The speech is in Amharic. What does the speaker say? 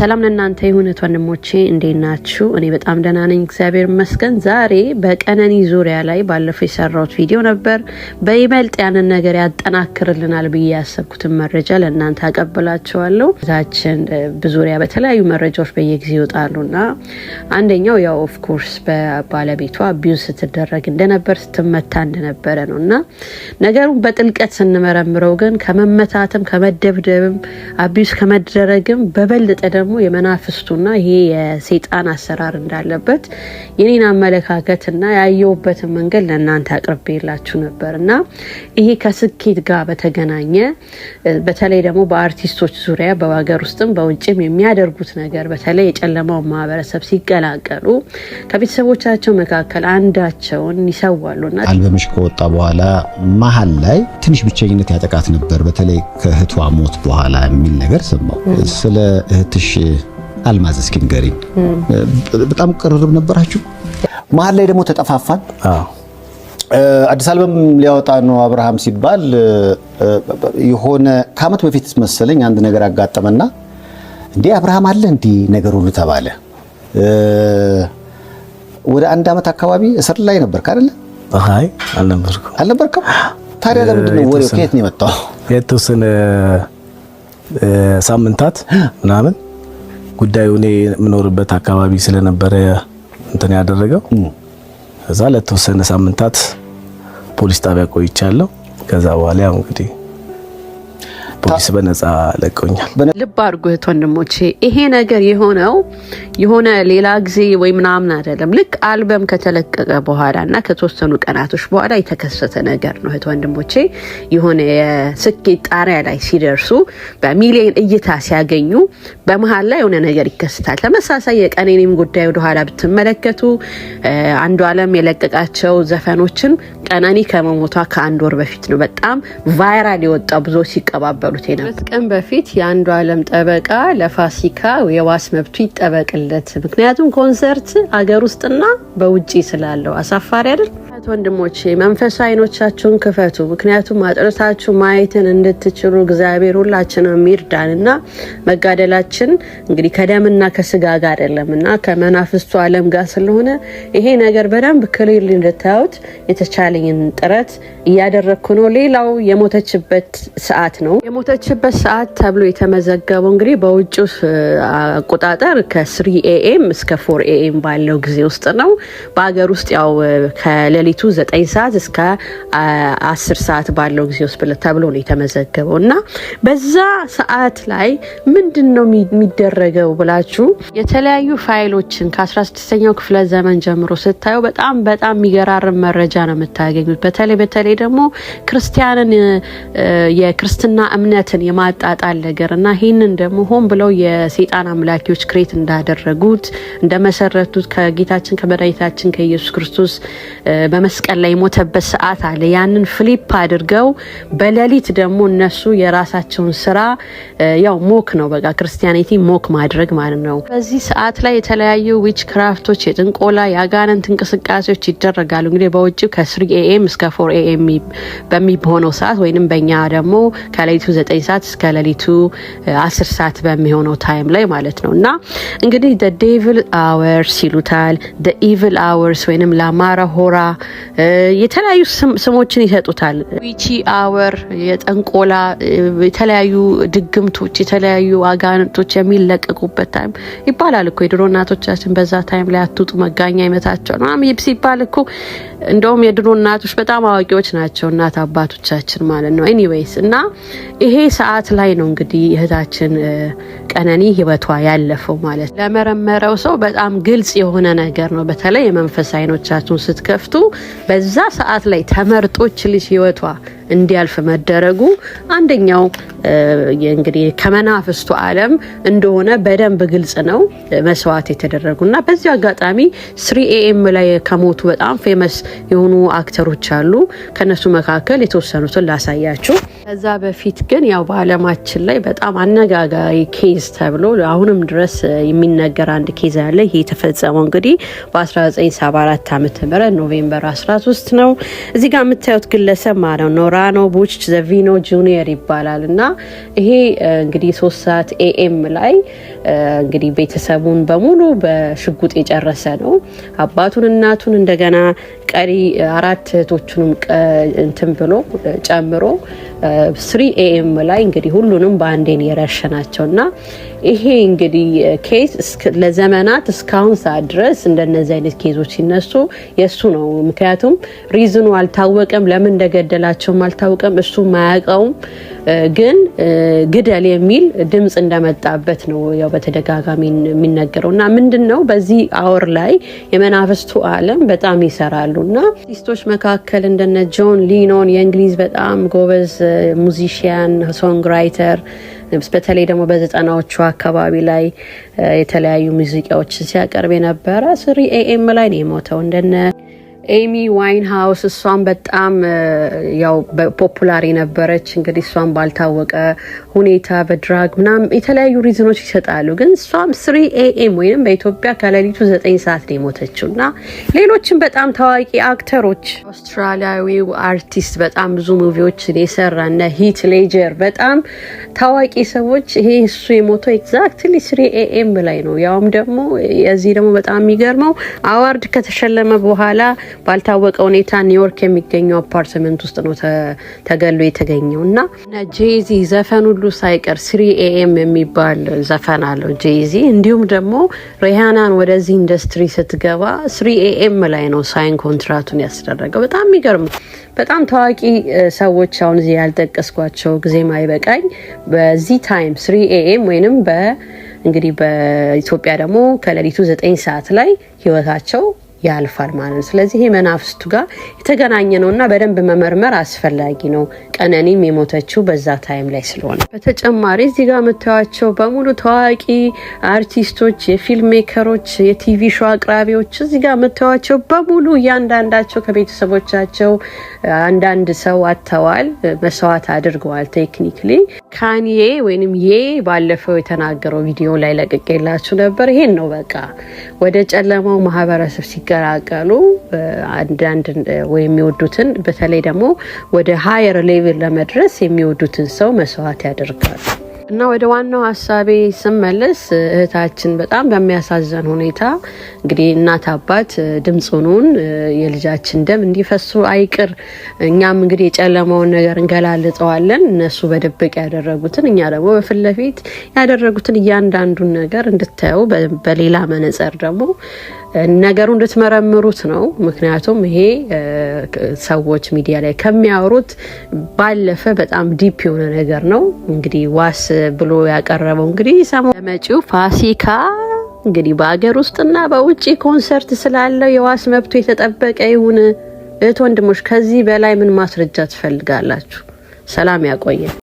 ሰላም ለእናንተ ይሁን ወንድሞቼ፣ እንዴ ናችሁ? እኔ በጣም ደህና ነኝ፣ እግዚአብሔር መስገን ዛሬ በቀነኒ ዙሪያ ላይ ባለፈው የሰራሁት ቪዲዮ ነበር። በይበልጥ ያንን ነገር ያጠናክርልናል ብዬ ያሰብኩትን መረጃ ለእናንተ አቀብላችኋለሁ። እዛችን ብዙሪያ በተለያዩ መረጃዎች በየጊዜ ና አንደኛው ያው ኦፍኮርስ በባለቤቷ አቢዩዝ ስትደረግ እንደነበር ስትመታ እንደነበረ ነው እና ነገሩን በጥልቀት ስንመረምረው ግን ከመመታትም ከመደብደብም አቢዩዝ ከመደረግም በበልጠ ደግሞ ደግሞ የመናፍስቱና ይሄ የሴጣን አሰራር እንዳለበት የኔን አመለካከትና ያየውበትን መንገድ ለእናንተ አቅርቤላችሁ ነበር እና ይሄ ከስኬት ጋር በተገናኘ በተለይ ደግሞ በአርቲስቶች ዙሪያ በሀገር ውስጥም በውጭም የሚያደርጉት ነገር በተለይ የጨለማውን ማህበረሰብ ሲቀላቀሉ ከቤተሰቦቻቸው መካከል አንዳቸውን ና አልበምሽ ከወጣ በኋላ መሀል ላይ ትንሽ ብቸኝነት ያጠቃት ነበር በተለይ ከእህቷ ሞት በኋላ የሚል ነገር ሰማው ስለ እህትሽ አልማዝ እስኪ ንገሪ። በጣም ቅርርብ ነበራችሁ? መሀል ላይ ደግሞ ተጠፋፋን። አዲስ አልበም ሊያወጣ ነው አብርሃም ሲባል የሆነ ከአመት በፊት መሰለኝ አንድ ነገር አጋጠመና እንዴ አብርሃም አለ እንዲ ነገር ሁሉ ተባለ። ወደ አንድ አመት አካባቢ እስር ላይ ነበርክ አይደለ? አይ አልነበርኩም። አልነበርኩም? ታዲያ ለምንድን ነው ወሬው ከየት ነው የመጣው? የተወሰነ ሳምንታት ምናምን ጉዳዩ እኔ የምኖርበት አካባቢ ስለነበረ እንትን ያደረገው እዛ ለተወሰነ ሳምንታት ፖሊስ ጣቢያ ቆይቻለሁ። ከዛ በኋላ ያው እንግዲህ ፖሊስ በነፃ ለቀውኛል። ልብ አድርጉ እህት ወንድሞቼ፣ ይሄ ነገር የሆነው የሆነ ሌላ ጊዜ ወይ ምናምን አይደለም። ልክ አልበም ከተለቀቀ በኋላ እና ከተወሰኑ ቀናቶች በኋላ የተከሰተ ነገር ነው እህት ወንድሞቼ። የሆነ የስኬት ጣሪያ ላይ ሲደርሱ በሚሊዮን እይታ ሲያገኙ በመሀል ላይ የሆነ ነገር ይከሰታል። ተመሳሳይ የቀኔኔም ጉዳይ ወደኋላ ብትመለከቱ አንዱ አለም የለቀቃቸው ዘፈኖችን ቀነኒ ከመሞቷ ከአንድ ወር በፊት ነው በጣም ቫይራል የወጣው ብዙ ሲቀባበሉት ነበር። ቀን በፊት የአንዱ አለም ጠበቃ ለፋሲካ የዋስ መብቱ ይጠበቅለት፣ ምክንያቱም ኮንሰርት አገር ውስጥና በውጭ ስላለው አሳፋሪ አይደል? እህት ወንድሞቼ መንፈሳዊ አይኖቻችሁን ክፈቱ፣ ምክንያቱም አጥርታችሁ ማየትን እንድትችሉ እግዚአብሔር ሁላችንም ይርዳን እና መጋደላችን እንግዲህ ከደምና ከስጋ ጋር አይደለም እና ከመናፍስቱ ዓለም ጋር ስለሆነ ይሄ ነገር በደንብ ክሊር እንድታዩት የተቻለኝን ጥረት እያደረግኩ ነው። ሌላው የሞተችበት ሰዓት ነው። የሞተችበት ሰዓት ተብሎ የተመዘገበው እንግዲህ በውጭ አቆጣጠር ከስሪ ኤኤም እስከ ፎር ኤኤም ባለው ጊዜ ውስጥ ነው። በሀገር ውስጥ ያው ከሌሊቱ ከምሽቱ ዘጠኝ ሰዓት እስከ አስር ሰዓት ባለው ጊዜ ውስጥ ተብሎ ነው የተመዘገበው እና በዛ ሰዓት ላይ ምንድን ነው የሚደረገው ብላችሁ የተለያዩ ፋይሎችን ከ16ኛው ክፍለ ዘመን ጀምሮ ስታዩ በጣም በጣም የሚገራርም መረጃ ነው የምታገኙት። በተለይ በተለይ ደግሞ ክርስቲያንን የክርስትና እምነትን የማጣጣል ነገር እና ይህንን ደግሞ ሆን ብለው የሴጣን አምላኪዎች ክሬት እንዳደረጉት እንደመሰረቱት ከጌታችን ከመድኃኒታችን ከኢየሱስ ክርስቶስ በመስቀል ላይ የሞተበት ሰዓት አለ። ያንን ፍሊፕ አድርገው በሌሊት ደግሞ እነሱ የራሳቸውን ስራ ያው ሞክ ነው በቃ ክርስቲያኒቲ ሞክ ማድረግ ማለት ነው። በዚህ ሰዓት ላይ የተለያዩ ዊች ክራፍቶች፣ የጥንቆላ የአጋነንት እንቅስቃሴዎች ይደረጋሉ። እንግዲህ በውጭ ከስሪ ኤኤም እስከ ፎር ኤኤም በሚሆነው ሰዓት ወይንም በእኛ ደግሞ ከሌሊቱ ዘጠኝ ሰዓት እስከ ሌሊቱ አስር ሰዓት በሚሆነው ታይም ላይ ማለት ነው እና እንግዲህ ደ ዴቪል አወርስ ይሉታል ደ ኢቪል አወርስ ወይንም ላማራ ሆራ የተለያዩ ስሞችን ይሰጡታል። ዊቺ አወር፣ የጠንቆላ የተለያዩ ድግምቶች፣ የተለያዩ አጋንንቶች የሚለቀቁበት ታይም ይባላል እኮ የድሮ እናቶቻችን በዛ ታይም ላይ አትውጡ መጋኛ ይመታቸው ነው ሲባል እኮ እንደውም የድሮ እናቶች በጣም አዋቂዎች ናቸው፣ እናት አባቶቻችን ማለት ነው። ኤኒዌይስ እና ይሄ ሰዓት ላይ ነው እንግዲህ እህታችን ቀነኒ ህይወቷ ያለፈው ማለት ለመረመረው ሰው በጣም ግልጽ የሆነ ነገር ነው። በተለይ የመንፈስ አይኖቻችሁን ስትከፍቱ በዛ ሰዓት ላይ ተመርጦች ልጅ ህይወቷ እንዲያልፍ መደረጉ አንደኛው እንግዲህ ከመናፍስቱ ዓለም እንደሆነ በደንብ ግልጽ ነው። መስዋዕት የተደረጉ እና በዚህ አጋጣሚ ስሪ ኤኤም ላይ ከሞቱ በጣም ፌመስ የሆኑ አክተሮች አሉ። ከነሱ መካከል የተወሰኑትን ላሳያችሁ። ከዛ በፊት ግን ያው በአለማችን ላይ በጣም አነጋጋሪ ኬዝ ተብሎ አሁንም ድረስ የሚነገር አንድ ኬዝ አለ። ይሄ የተፈጸመው እንግዲህ በ1974 ዓ ም ኖቬምበር 13 ነው። እዚህ ጋር የምታዩት ግለሰብ ማለት ነው ኖራኖ ቡች ዘቪኖ ጁኒየር ይባላል እና ይሄ እንግዲህ ሶስት ሰዓት ኤኤም ላይ እንግዲህ ቤተሰቡን በሙሉ በሽጉጥ የጨረሰ ነው። አባቱን እናቱን እንደገና ቀሪ አራት እህቶቹንም እንትን ብሎ ጨምሮ ስሪ ኤኤም ላይ እንግዲህ ሁሉንም በአንዴን የረሸናቸው እና ይሄ እንግዲህ ኬስ ለዘመናት እስካሁን ሰዓት ድረስ እንደነዚህ አይነት ኬዞች ሲነሱ የእሱ ነው። ምክንያቱም ሪዝኑ አልታወቀም፣ ለምን እንደገደላቸውም አልታወቀም፣ እሱም አያውቀውም። ግን ግደል የሚል ድምፅ እንደመጣበት ነው ያው በተደጋጋሚ የሚነገረው እና ምንድን ነው በዚህ አወር ላይ የመናፍስቱ ዓለም በጣም ይሰራሉ እና አርቲስቶች መካከል እንደነ ጆን ሊኖን የእንግሊዝ በጣም ጎበዝ ሙዚሽያን ሶንግ ራይተር በተለይ ደግሞ በዘጠናዎቹ አካባቢ ላይ የተለያዩ ሙዚቃዎች ሲያቀርብ የነበረ ስሪ ኤኤም ላይ ነው የሞተው እንደነ ኤሚ ዋይንሃውስ እሷን በጣም ያው ፖፑላር የነበረች እንግዲህ እሷን ባልታወቀ ሁኔታ በድራግ ምናም የተለያዩ ሪዝኖች ይሰጣሉ። ግን እሷም ስሪ ኤኤም ወይም በኢትዮጵያ ከሌሊቱ ዘጠኝ ሰዓት ነው የሞተችው እና ሌሎችም በጣም ታዋቂ አክተሮች አውስትራሊያዊው አርቲስት በጣም ብዙ ሙቪዎችን የሰራ እና ሂት ሌጀር በጣም ታዋቂ ሰዎች ይሄ እሱ የሞተው ኤግዛክትሊ ስሪ ኤኤም ላይ ነው። ያውም ደግሞ የዚህ ደግሞ በጣም የሚገርመው አዋርድ ከተሸለመ በኋላ ባልታወቀ ሁኔታ ኒውዮርክ የሚገኘው አፓርትመንት ውስጥ ነው ተገሎ የተገኘው እና ጄዚ ዘፈን ሁሉ ሳይቀር ስሪ ኤኤም የሚባል ዘፈን አለው ጄዚ። እንዲሁም ደግሞ ሬሃናን ወደዚህ ኢንዱስትሪ ስትገባ ስሪ ኤኤም ላይ ነው ሳይን ኮንትራቱን ያስደረገው። በጣም የሚገርም በጣም ታዋቂ ሰዎች አሁን እዚህ ያልጠቀስኳቸው ጊዜ ማይበቃኝ በዚህ ታይም ስሪ ኤኤም ወይንም በ እንግዲህ በኢትዮጵያ ደግሞ ከሌሊቱ ዘጠኝ ሰዓት ላይ ህይወታቸው ያልፋል ማለት ነው። ስለዚህ ይሄ መናፍስቱ ጋር የተገናኘ ነው እና በደንብ መመርመር አስፈላጊ ነው። ቀነኒም የሞተችው በዛ ታይም ላይ ስለሆነ በተጨማሪ እዚህ ጋር የምታያቸው በሙሉ ታዋቂ አርቲስቶች፣ የፊልም ሜከሮች፣ የቲቪ ሾ አቅራቢዎች እዚህ ጋር የምታያቸው በሙሉ እያንዳንዳቸው ከቤተሰቦቻቸው አንዳንድ ሰው አጥተዋል፣ መስዋዕት አድርገዋል። ቴክኒክሊ ካንዬ ወይንም ዬ ባለፈው የተናገረው ቪዲዮ ላይ ለቅቄላችሁ ነበር። ይሄን ነው በቃ ወደ ጨለማው ማህበረሰብ ሲ እንዲቀላቀሉ አንዳንድ ወይ የሚወዱትን በተለይ ደግሞ ወደ ሀየር ሌቭል ለመድረስ የሚወዱትን ሰው መስዋዕት ያደርጋሉ። እና ወደ ዋናው ሀሳቤ ስመለስ እህታችን በጣም በሚያሳዘን ሁኔታ እንግዲህ እናት አባት ድምፁኑን የልጃችን ደም እንዲፈሱ አይቅር። እኛም እንግዲህ የጨለመውን ነገር እንገላልጠዋለን። እነሱ በደበቅ ያደረጉትን እኛ ደግሞ በፊት ለፊት ያደረጉትን እያንዳንዱን ነገር እንድታየው በሌላ መነጽር ደግሞ ነገሩ እንድትመረምሩት ነው። ምክንያቱም ይሄ ሰዎች ሚዲያ ላይ ከሚያወሩት ባለፈ በጣም ዲፕ የሆነ ነገር ነው። እንግዲህ ዋስ ብሎ ያቀረበው እንግዲህ ሰሞኑን ለመጪው ፋሲካ እንግዲህ በሀገር ውስጥና በውጭ ኮንሰርት ስላለው የዋስ መብቱ የተጠበቀ ይሁን። እህት ወንድሞች፣ ከዚህ በላይ ምን ማስረጃ ትፈልጋላችሁ? ሰላም ያቆየን።